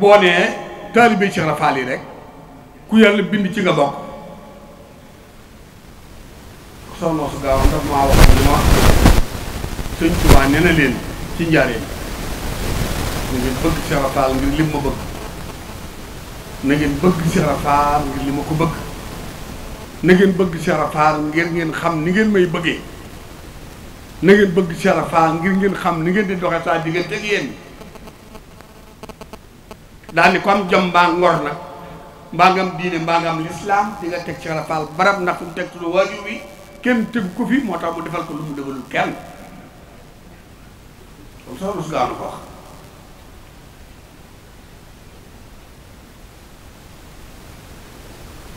boo nee taalibe Cheikh Rafaal yi rek ku yàlla bind ci nga bokk soxna su gaaw daf maa wax ni ma sëñ Tuubaa leen ci njaareem na ngeen bëgg Cheikh na ngeen bëgg Cheikh Rafaal ngir li ma ko bëgg na ngeen bëgg Cheikh Rafaal ngir ngeen xam ni ngeen may bëggee na ngeen bëgg Cheikh Rafaal ngir ngeen xam ni ngeen di doxee saa diggante ak yéen daal ni ko am jom mbaa ngor nag mbaa nga am diine mbaa nga am lislaam di teg ci rafaal barab ndax mu teg ci waajur wi kenn tëgg ko fi moo tax mu defal ko lu mu dëgalul kenn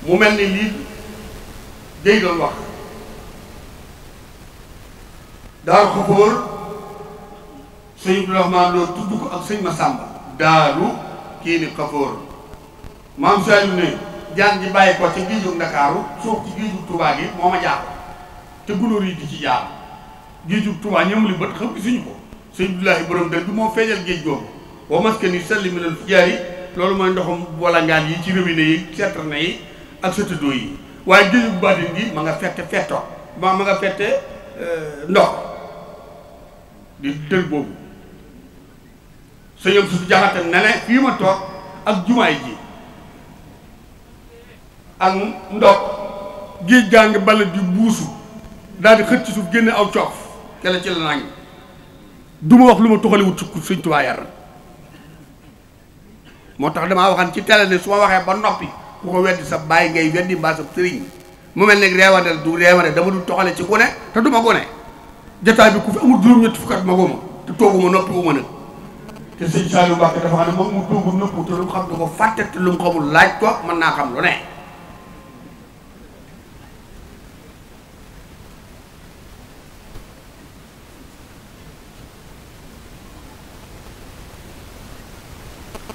mu mel ni lii day doon wax daaru xafoor sëñ Abdourahmaan loolu tudd ko ak sëñ Masamba daaru kii ni xafóor maam Saliou ne jaan ji bàyyi ko ci géeju Ndakaaru suuf ci géeju Touba gi moo ma jaaxal te gunóor yi di ci jaar géeju Touba ñoom li bët xam gisuñu ko sëñ Abdoulahi borom dëkk bi moo feeñal géej googu wa maskani salli minal fijaari loolu mooy ndoxum wala ngaan yi ci robinet yi citerne yi ak satadoo yi waaye géeju baatin gi ma nga fette fetto ma ma nga fette euh, ndox di tël boobu sëñ am suuf jaxate ne ne fii ma toog ak jumaay ji ak ndox géej gaa ngi bala di buusu daal di xëcc suuf génne aw coof kele ci la nangi du ma wax lu ma tuxaliwut su suñ tubaa moo tax damaa waxan ci télé ne su ma waxee ba noppi ku ko weddi sa baay ngay weddi mbaa sa sëriñ mu mel ne reewante du reewante dama dul toxale ci ku te du ma gone jotaay bi ku fi amul juróom-ñetti fukkat ma goma te tooguma noppi uma nag te sëñ Saliou Mbacke dafa xam ne moom mu tuubu nëpp te lu xam du ko fàtte te lu mu xamul laaj ko mën naa xam lu ne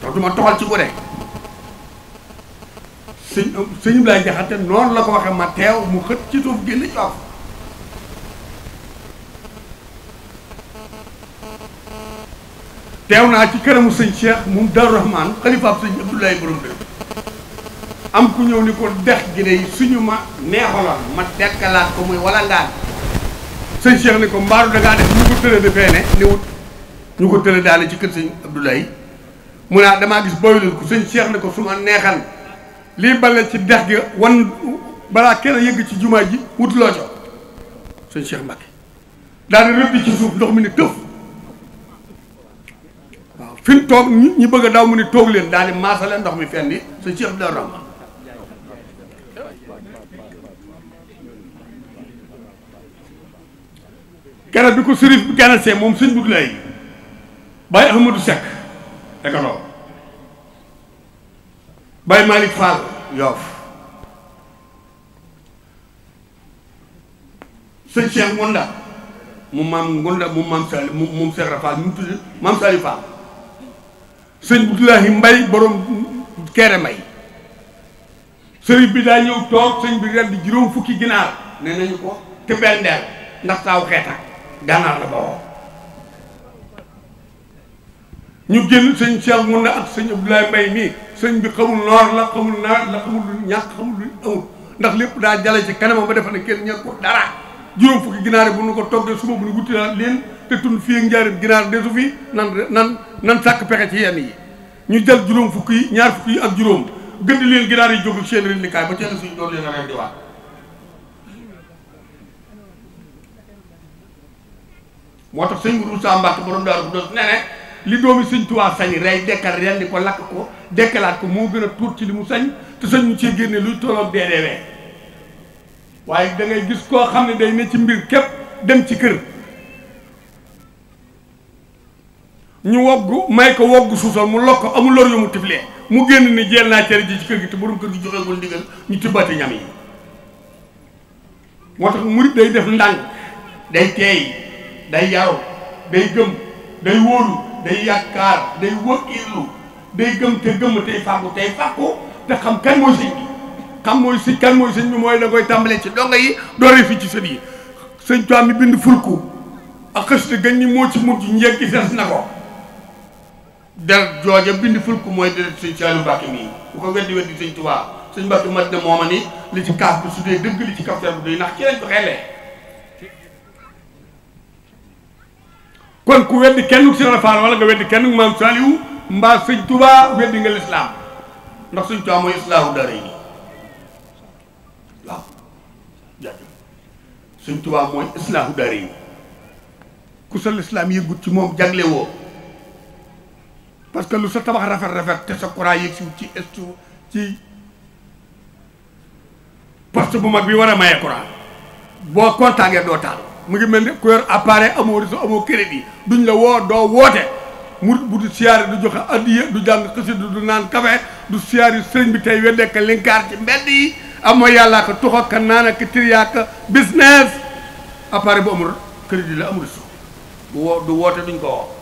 tax du ma toxal ci gone sëñ sëñ Ibrahima Jaxate noonu la ko waxee ma teew mu xët ci suuf génn ci teew naa ci këramu sëñ Cheikh moom Darou Rahman xalifaab sëñ Abdoulaye borom dëkk am ku ñëw ni ko dex gi day suñu ma neexaloon ma dekkalaat ko muy wala ngaan sëñ Cheikh ni ko mbaaru da ngaa def ñu ko tële de fee ne wut ñu ko tële daale ci kër sëñ Abdoulaye mu naa ah, damaa gis boylu ko sëñ Cheikh ni ko su ma neexal lii bale ci dex gi wan balaa kenn yëgg ci jumaa ji wut loo co sëñ Cheikh Mbacke daal di rëbbi ci suuf ndox mi ni tëf fi mu toog ñi bëgg a daw mu ne toog leen daal di ndox mi fenn di sa Cheikh Abdoulaye Rahman keneen bi ko sëriñ bi keneen see moom sëñ Bouglaye yi Baye Ahmadou Seck Econo Baye Malick Fall Yoff sëñ Ngunda mu maam Ngunda mu maam Sali mu mu Cheikh Rafal mu tudd maam Sali Fall. sëñ Abdoulahi Mbay boroom kere mbay sëriñ bi daa ñëw toog sëñ bi rend juróom fukki ginaar ne nañu ko te ndax saaw xeeta ganaar la bawoo ñu génn sëñ Cheikh mun na ak sëñ Abdoulahi Mbay mii sëñ bi xamul noor la xamul nawet la xamul lu ñàkk xamul lu amul ndax lépp daa jale ci kanamam ba defa ne kenn ñàkkul dara juróom fukki ginaar yi bu nu ko toggee suba bu nu wuti leen te tund fii ak njaarim ginaar desu fi nan nan nan sàkk pexe ci yenn yi ñu jël juróom fukk yi ñaar fukk ak juróom gënd leen ginaar yi jóg ak seen rendikaay ba teel suñu doon leen a rendiwaat moo tax sëñ Moussa Mbacke borom Daaru Xudoos ne ne li doomi sëñ Tuubaa sañ rey dekkal rendi ko lakk ko dekkalaat ko moo gën a tuut ci li mu sañ te sañ mu cee génne luy tolloog deedeewee waaye dangay gis koo xam ne day ne ci mbir képp dem ci kër ñu wogg may ko wogg suusal mu lokk amul lor yu mu tiflee mu génn ni jeel naa cere ji ci kër gi te borom kër gi joxewul ndigal ñu tibbaati ñam yi moo tax murit day def ndànk day teey day yaru day gëm day wóolu day yaakaar day wëkkiilu day gëm te gëm tey fàggu tey fàggu te xam kan mooy sëñ xam mooy si kan mooy sëñ bi mooy da koy tàmbalee ci donga yi door fii ci sët yi sëñ Tuubaa mi bind fulku ak te gën ñi moo ci mujj njëkk gis na ko der jooja bind ful ko mooy deret sëñ Saliou Mbacke mii bu ko weddi weddi sëñ Tuubaa sëñ Mbacke mat na mooma ni li ci kaas bi su dee li ci kafteer bu day ndax ci lañ ko xelee kon ku weddi kenn ku Ibra Fall nga weddi kenn maam Saliou mbaa sëñ Tuubaa weddi nga lislaam mooy islaahu dara yi ku sa lislaam yëgut ci moom jagle parce que lu sa tabax rafet rafet te sa courant yëg ci estu ci poste bu mag bi war a maye courant boo kontaanee doo taal mu ngi mel ni ku yor appareil amoo réseau amoo crédit duñ la woo doo woote mu du siyaare du joxe addiya du jàng xasida du naan kafe du siyaare sëriñ bi tey weddekk linkaar ci mbedd yi amoo yàllaa ko tuxa ka naana ka tiriyaa bu amul crédit la amul réseau du woo du woote duñ ko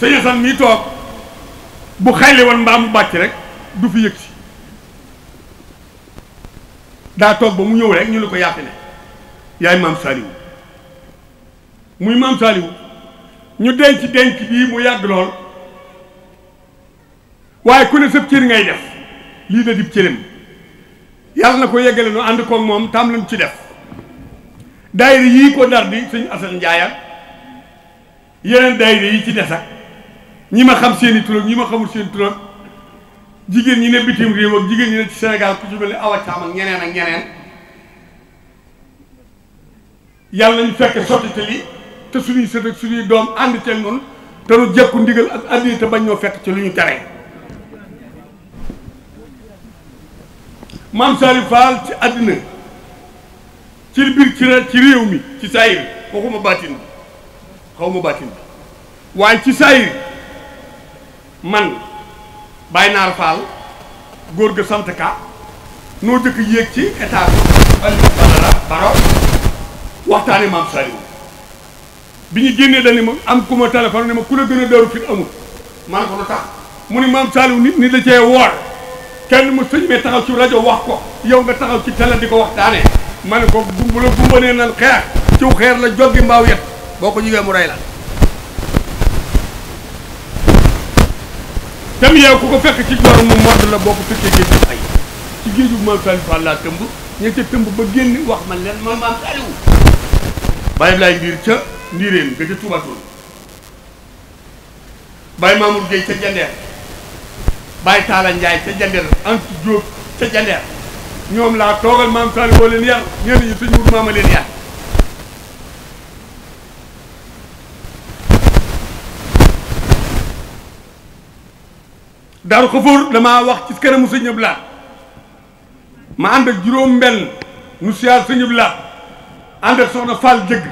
sëñ Assane mii toog bu xayli woon mbaa mu bàcc rek du fi yëg si daa toog ba mu ñëw rek ñu ne ko yàq ne yaay maam Saliou muy maam Saliou ñu denc denc bii mu yàgg lool waaye ku ne sëb cër ngay def lii da dib cëram yàlla na ko yeggale nu ànd koog moom tam lañ ci def daayira yii ko dar di sëñ Assane Ndiaye yeneen daayira yi ci des ak ñi ma xam seen i ñi ma xamul seen i jigéen ñi ne bitim réew ak jigéen ñi ne ci Sénégal ku ci mel ne Awa Thiam ak ñeneen ak ñeneen yàlla nañu fekk sotti te lii te suñuy sët ak suñuy doom ànd ceeg noonu te nu jekku ndigal ak àddina te bañ ñoo fekk ci lu ñu tere. maam Saliou ci àddina ci biir ci réew mi ci saayir waxuma baatin bi xaw ma baatin bi waaye ci saayir man bay Naar Fall góor ga sant ka noo jëkk yéeg ci état bi Aliou Badara Baro waxtaane maam Saliou bi ñu génnee dañu ma am ku ma téléphone ne ma ku la gën a dooru fit amul man ko lu tax mu ni maam Saliou nit ni la cee woor kenn mu sëñ taxaw ci rajo wax ko yow nga taxaw ci télé di ko waxtaanee ma ne ko gumba la gumba nee nan xeex ciw xeer la joggi mbaaw yet boo ko jigee mu rey la tam yow ku ko fekk ci borom mu modd la boo ko fekkee géej ay ci géeju bu ma Saliou Fall laa tëmb ña ca tëmb ba génn wax ma leen ma maam Saliou bàyyi laay ndiir ca ndiréen ga ca tubatoon bàyyi Mamour Gueye ca jandeer bàyyi Taala Ndiaye ca jandeer Anta Diop ca jandeer ñoom laa toogal maam Saliou leen yar ñenn ñi suñu wut maama leen yar Daaru Xafoor dama wax ci kanamu sëñ Abdu Lahat ma ànd juróom mbenn nu siyaar sëñ Abdu Lahat ànd soxna Fall jëgg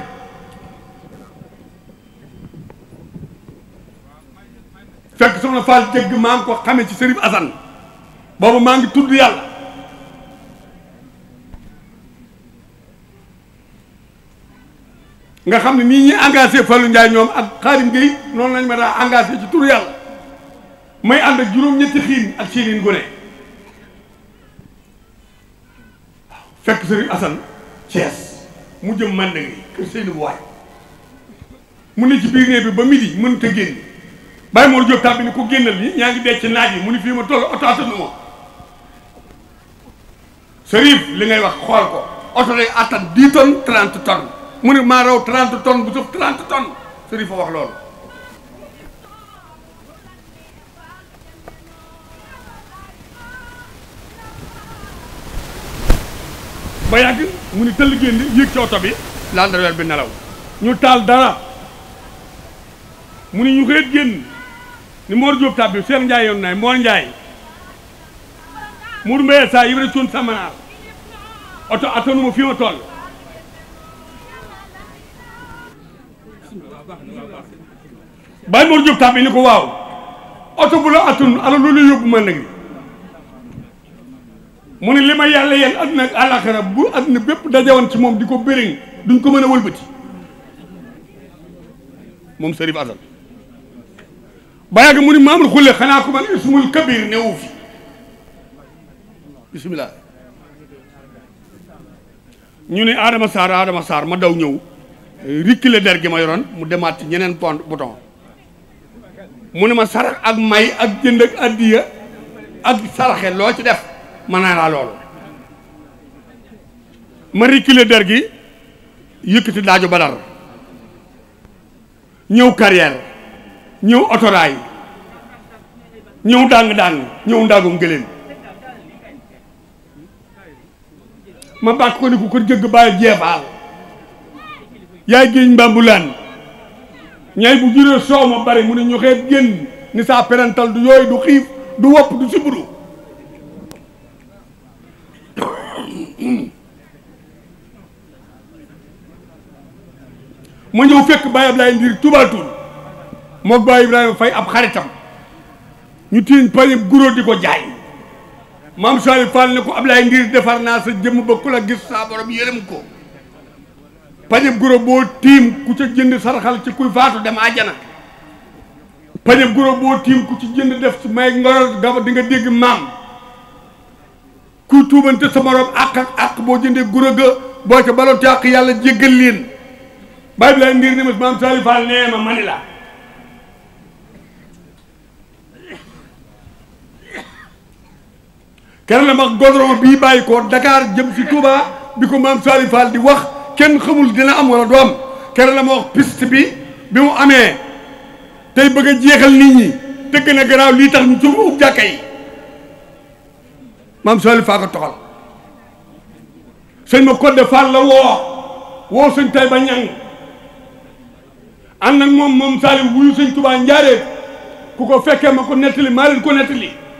fekk soxna Fall jëgg maa ngi ko xamee ci Sëriñ Asan boobu maa ngi tudd yàlla nga xam ne nii ñuy engagé Fallou Ndiaye ñoom ak Xaadim Gueye noonu lañ ma daa engagé ci turu yàlla may ànd ak juróom-ñetti xiin ak siiniin gone waaw fekk sëriñ Assane Thiès mu jëm màndang yi kër Seydou bu waay mu ne ci biir néeg bi ba midi mënut a génn bàyyi moor jóob tàbbi ni ko génnal ni ñaa ngi ci naaj yi mu ni fii ma toll oto attanu ma sërif li ngay wax xool ko oto lay attan dix tonnes trente tonnes mu ni maa raw trente tonnes bu sëf trente tonnes sërif a wax loolu ba yàgg mu ni tëll génn yéeg ci oto bi laal dara weer bi nelaw ñu taal dara mu ni ñu xëyet génn ni Mor Diop tab bi seen njaay yoon naay Mor Njaay Mour Mbaye saa yi rek samanaar oto atonuma fi ma toll bàyyi tab bi ni ko waaw oto bu la atun ala loolu yóbbu ma nag mu ne li ma yàlla yéen àdduna ak àllaaxira bu àdduna bépp dajewoon ci moom di ko bëriñ duñ ko mën a wëlbati moom Sërif Asal ba yàgg mu ne maamul xulle xanaa ko man ismul kabir newu fi bisimilah ñu ne Adama Sarr Adama Sarr ma daw ñëw rikkile der gi ma yoroon mu demaat ci ñeneen pont bouton mu ne ma sarax ak may ak jënd ak addiya ak saraxe loo ci def mën naa laa loolu ma reculer der gi yëkkati daaju badar ñëw carrière ñëw otoraay ñëw dàng-dàng ñëw ndaagum gëléem ma bàkk ko ni ku ko jëgg bàyyi jeefaal yaay géeñ mbambulaan ñay bu juree soow ma mu ne ñu génn ni saa perantal du yooyu du xiif du wopp du siburu moo ñëw fekk Baye Ablaye Ndiir Touba Toul moog Baye Ibrahima Faye ab xaritam ñu tiiñ pañe guro di ko jaay maam Saliou Fall ne ko Ablaye Ndiir defar naa sa jëmm ba ku la gis saa borom ko pañe guro boo tiim ku ca jënd sarxal ci kuy faatu dem àjjana pañe guro boo tiim ku ci jënd def ci may ngoro gaba di nga dégg maam kuy tuubante sa morom àq ak boo jëndee guro ga boo ca baloo te yàlla jéggal leen bàyyi bi laay mbir ni ma maam Saliou Fall nee ma mani la la ma godron bii bàyyi ko Dakar jëm si Touba bi ko maam Saliou Fall di wax kenn xamul dina am wala du am kenn la ma wax bi bi mu amee tey bëgg a jeexal nit ñi garaaw lii tax ñu ci ub jàkka yi maam Saliou Fall ko toxal sëñ ma Codé Fall la woo woo sëñ tay ba ànd na moom moom Saliou wuyu sëñ Touba Njaareem ku ko fekkee ma ko nettali maa leen